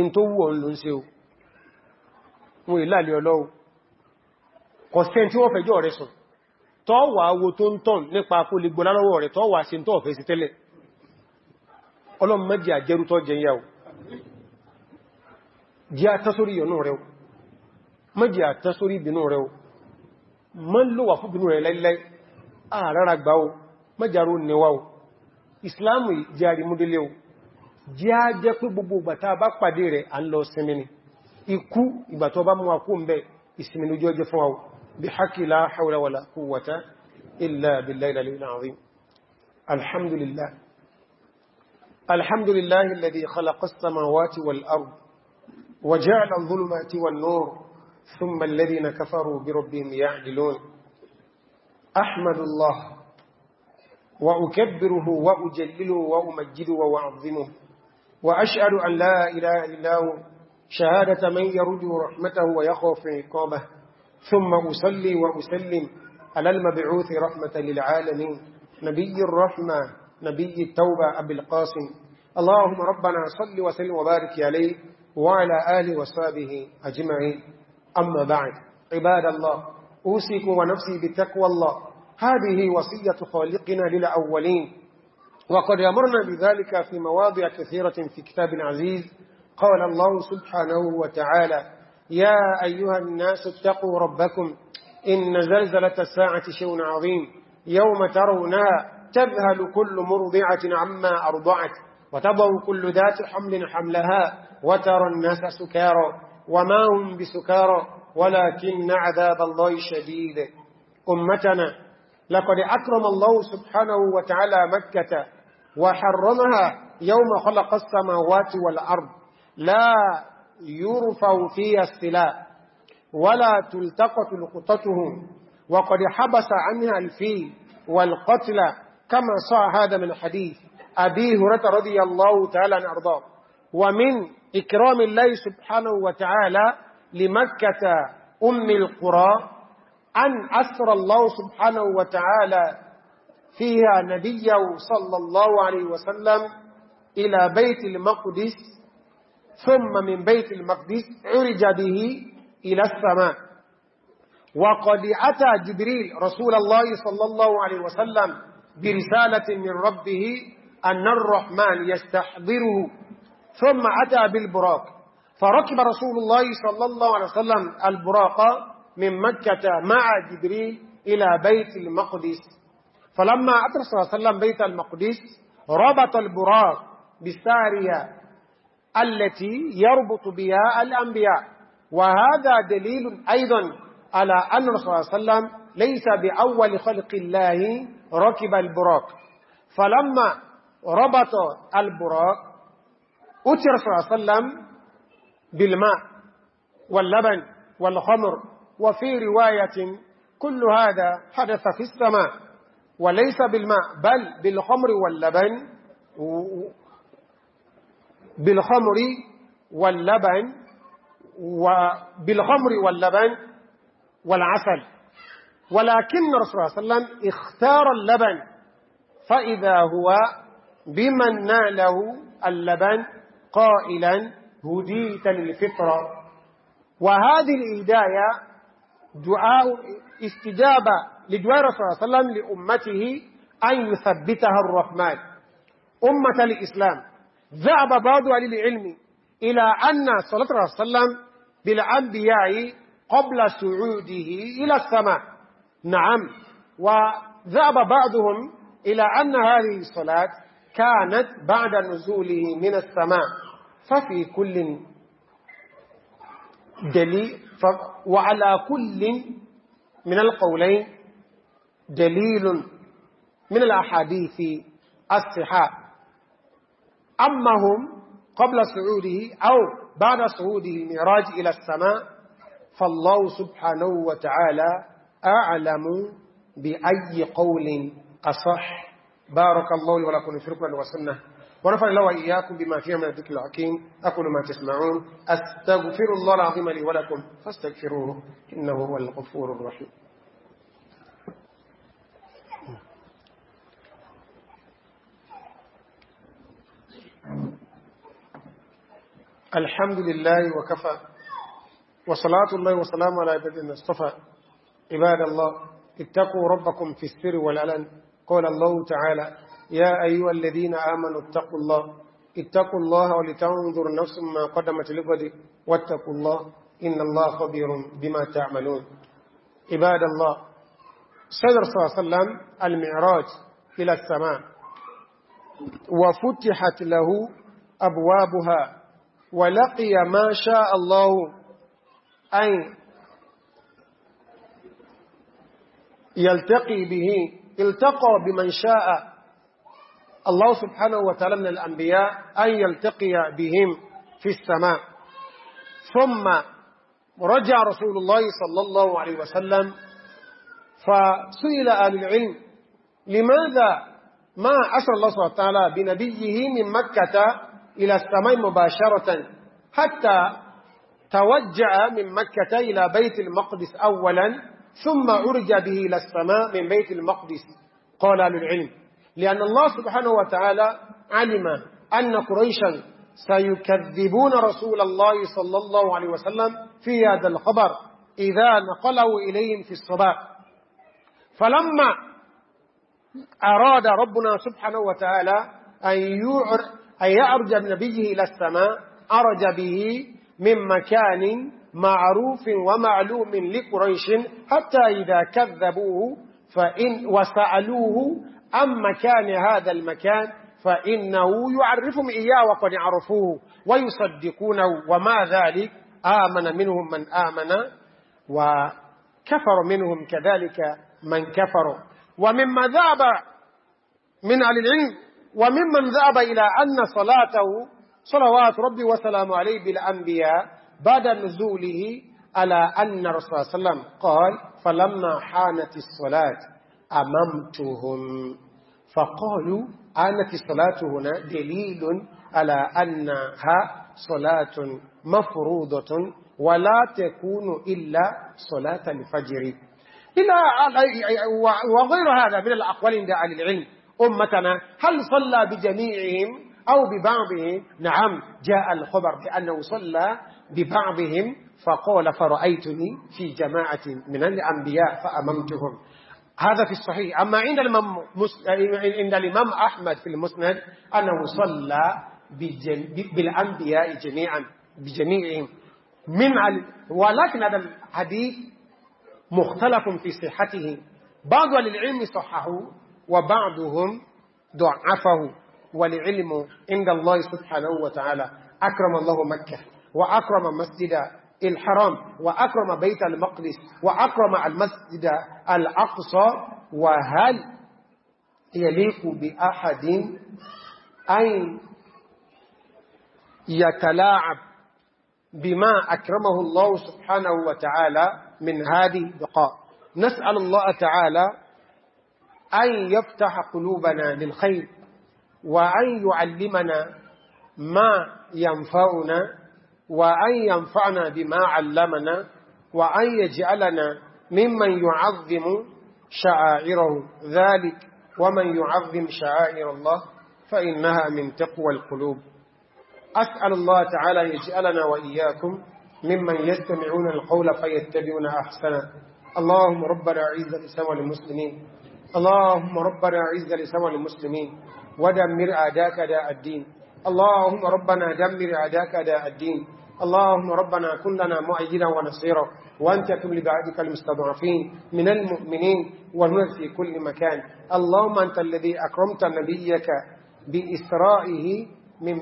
S1: in tó wù ọ̀n ló ń ṣe o wọn ìlàlẹ̀ ọlọ́wọ́
S2: kọ̀sẹ́n tí wọ́n fẹjọ́ rẹ̀
S1: sùn tọ́ wà wo tó ń tọ́n nípa kó lè gbọ́lá lọ́wọ́ rẹ̀ tọ́ mọ́ lò wà fúgbìnú rẹ̀ lẹ́lẹ́ àrára gbá o mẹ́jàrú níwá o ìsìláàmù jẹ́ àrímúdélé o jẹ́ á jẹ́ pé gbogbo ìgbà tá bá pàdé rẹ̀ à ń lọ sinmi ni ikú ìgbà tó bá mú akó ń bẹ ìsinmi lójú ọjọ́ fún wa bí hákì la وجعل الظلمات والنور ثم الذين كفروا بربهم يعدلون أحمد الله وأكبره وأجلله وأمجده وأعظمه وأشهد أن لا إله إلا هو شهادة من يرجو رحمته ويخوف عقابه ثم أصلي وأسلم على المبعوث رحمة للعالمين نبي الرحمة نبي التوبة أبي القاسم اللهم ربنا صل وسلم وبارك عليه وعلى آله وصحبه أجمعين أما بعد عباد الله أوسيك ونفسي بتقوى الله هذه وصية خالقنا للأولين وقد يمرنا بذلك في مواضع كثيرة في كتاب عزيز قال الله سبحانه وتعالى يا أيها الناس اتقوا ربكم إن زلزلة الساعة شيء عظيم يوم ترونها تذهل كل مرضعة عما أرضعت وتضع كل ذات حمل حملها وترى الناس سكارى وما هم بسكارى ولكن عذاب الله شديد أمتنا لقد أكرم الله سبحانه وتعالى مكة وحرمها يوم خلق السماوات والأرض لا يرفع فيها السلاء ولا تلتقط لقطته وقد حبس عنها الفيل والقتل كما صع هذا من حديث أبي هريره رضي الله تعالى عنه أرضاه ومن إكرام الله سبحانه وتعالى لمكة أم القرى أن أسر الله سبحانه وتعالى فيها نبيه صلى الله عليه وسلم إلى بيت المقدس ثم من بيت المقدس عرج به إلى السماء وقد أتى جبريل رسول الله صلى الله عليه وسلم برسالة من ربه أن الرحمن يستحضره ثم أتى بالبراق فركب رسول الله صلى الله عليه وسلم البراق من مكة مع جبريل إلى بيت المقدس فلما أتى صلى الله عليه وسلم بيت المقدس ربط البراق بالسارية التي يربط بها الأنبياء وهذا دليل أيضا على أن رسول الله صلى الله عليه وسلم ليس بأول خلق الله ركب البراق فلما ربط البراق أتي رسول الله صلى الله عليه وسلم بالماء واللبن والخمر وفي رواية كل هذا حدث في السماء وليس بالماء بل بالخمر واللبن بالخمر واللبن وبالخمر واللبن والعسل ولكن رسول الله صلى الله عليه وسلم اختار اللبن فإذا هو بمن ناله اللبن قائلا هديت للفطرة وهذه الهداية دعاء استجابة لدعاء رسول الله صلى الله عليه وسلم لأمته أن يثبتها الرحمن أمة الإسلام ذهب بعض أهل العلم إلى أن صلى الله عليه وسلم بالأنبياء قبل سعوده إلى السماء نعم وذهب بعضهم إلى أن هذه الصلاة كانت بعد نزوله من السماء ففي كل دليل وعلى كل من القولين دليل من الأحاديث الصحاح أما هم قبل صعوده أو بعد صعوده المعراج إلى السماء فالله سبحانه وتعالى أعلم بأي قول أصح بارك الله ولكم في القرآن وسنة ونفعني الله وإياكم بما فيها من الذكر العكيم أقول ما تسمعون أستغفر الله العظيم لي ولكم فاستغفروه إنه هو الغفور الرحيم الحمد لله وكفى وصلاة الله وسلام على عباد المصطفى عباد الله اتقوا ربكم في السر والعلن قال الله تعالى يا أيها الذين آمنوا اتقوا الله اتقوا الله ولتنظر نفس ما قدمت لغد واتقوا الله إن الله خبير بما تعملون عباد الله صدر صلى الله عليه وسلم المعراج إلى السماء وفتحت له أبوابها ولقي ما شاء الله أن يلتقي به التقى بمن شاء الله سبحانه وتعالى من الأنبياء أن يلتقي بهم في السماء ثم رجع رسول الله صلى الله عليه وسلم فسئل أهل العلم لماذا ما أشر الله سبحانه وتعالى بنبيه من مكة إلى السماء مباشرة حتى توجع من مكة إلى بيت المقدس أولا ثم عرج به إلى السماء من بيت المقدس قال أهل العلم لأن الله سبحانه وتعالى علم أن قريشا سيكذبون رسول الله صلى الله عليه وسلم في هذا الخبر إذا نقلوا إليهم في الصباح فلما أراد ربنا سبحانه وتعالى أن يعرج بنبيه إلى السماء أرج به من مكان معروف ومعلوم لقريش حتى إذا كذبوه فإن وسألوه أما كان هذا المكان فإنه يعرفهم إياه وقد عرفوه ويصدقونه وما ذلك آمن منهم من آمن وكفر منهم كذلك من كفر ومما ذهب من أهل العلم وممن ذهب إلى أن صلاته صلوات ربي وسلام عليه بالأنبياء بعد نزوله على أن رسول الله صلى الله عليه وسلم قال فلما حانت الصلاة أممتهم فقالوا آنت الصلاة هنا دليل على أنها صلاة مفروضة ولا تكون إلا صلاة الفجر إلى وغير هذا من الأقوال عند أهل العلم أمتنا هل صلى بجميعهم أو ببعضهم نعم جاء الخبر بأنه صلى ببعضهم فقال فرأيتني في جماعة من الأنبياء فأممتهم هذا في الصحيح أما عند الإمام آه، عند الإمام أحمد في المسند أنه صلى بالأنبياء جميعا بجميعهم من ولكن هذا الحديث مختلف في صحته بعض أهل العلم صححه وبعضهم ضعفه والعلم عند الله سبحانه وتعالى أكرم الله مكة وأكرم مسجد الحرام وأكرم بيت المقدس وأكرم المسجد الأقصى وهل يليق بأحد أن يتلاعب بما أكرمه الله سبحانه وتعالى من هذه البقاء نسأل الله تعالى أن يفتح قلوبنا للخير وأن يعلمنا ما ينفعنا وأن ينفعنا بما علمنا وأن يجعلنا ممن يعظم شعائره ذلك ومن يعظم شعائر الله فإنها من تقوى القلوب أسأل الله تعالى يجعلنا وإياكم ممن يستمعون القول فيتبعون أحسنه اللهم ربنا أعز لسوى المسلمين اللهم ربنا أعز لسوى المسلمين ودمر أداك داء الدين اللهم ربنا دمر عداك أداء الدين اللهم ربنا كن لنا مؤيدا ونصيرا وأنت كم لبعدك المستضعفين من المؤمنين والمن في كل مكان اللهم أنت الذي أكرمت نبيك بإسرائه من,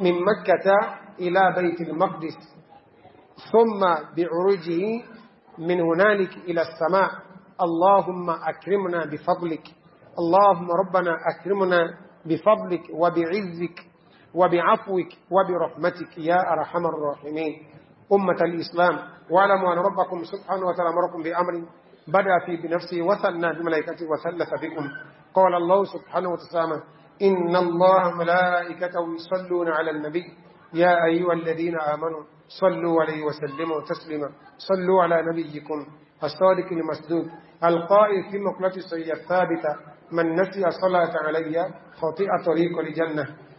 S1: من مكة إلى بيت المقدس ثم بعرجه من هنالك إلى السماء اللهم أكرمنا بفضلك اللهم ربنا أكرمنا بفضلك وبعزك وبعفوك وبرحمتك يا أرحم الراحمين أمة الإسلام واعلموا أن ربكم سبحانه وتعالى أمركم بأمر بدأ في بنفسه وثنى بملائكته وثلث بكم قال الله سبحانه وتعالى إن الله ملائكته يصلون على النبي يا أيها الذين آمنوا صلوا عليه وسلموا تسليما صلوا على نبيكم الصادق المسدود القائل في مقلة السيئة الثابتة من نسي صلاة علي خطئ طريق لجنة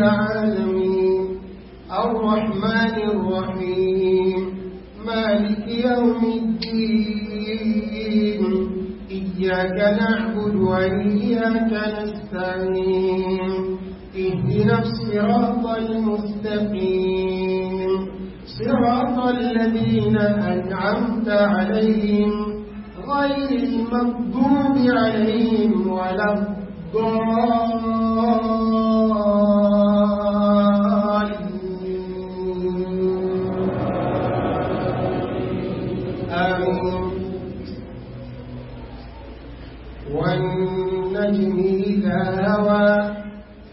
S2: العالمين الرحمن الرحيم مالك يوم الدين إياك نعبد وإياك نستعين اهدنا الصراط المستقيم صراط الذين أنعمت عليهم غير المغضوب عليهم ولا الضالين آمين والنجم إذا هوى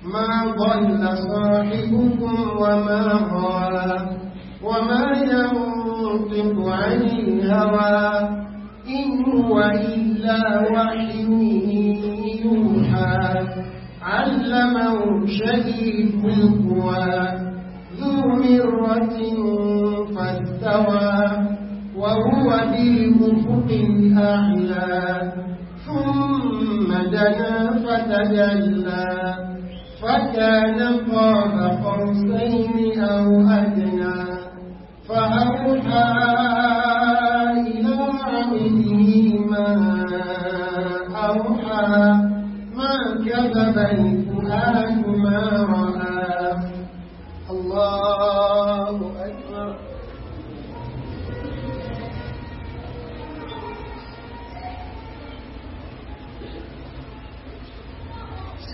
S2: ما ضل صاحبكم وما غوى وما ينطق عن الهوى إن هو إلا وحي يوحى علمه شديد القوى ذو مرة فاستوى وهو الأفق الأعلى ثم دنا فتجلى فكان قاب قوسين أو أدنى فأوحى إلى عبده ما أوحى ما كذب الفؤاد ما رأى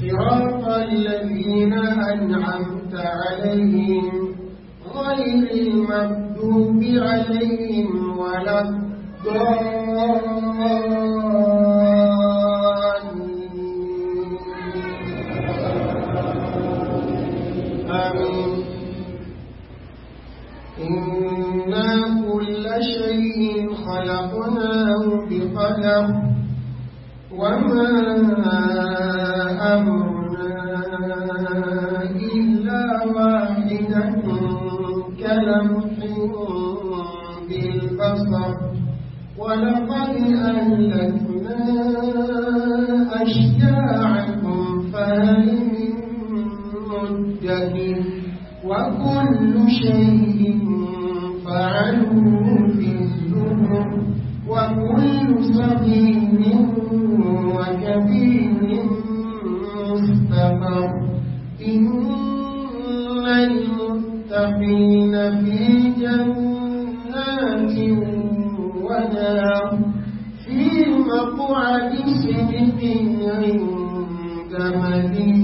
S2: صراط الذين أنعمت عليهم غير المكتوب عليهم ولا الضالين آمين إنا كل شيء خلقناه بقدر وما أمرنا إلا واحدة كلمح بالبصر ولقد أهلكنا أشجاعكم فهل من وكل شيء فعلوه في الزهر وكل صغير كبير مستقر إن المتقين في جنات ونار في مقعد عند مليك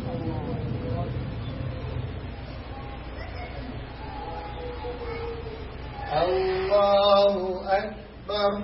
S2: الله أكبر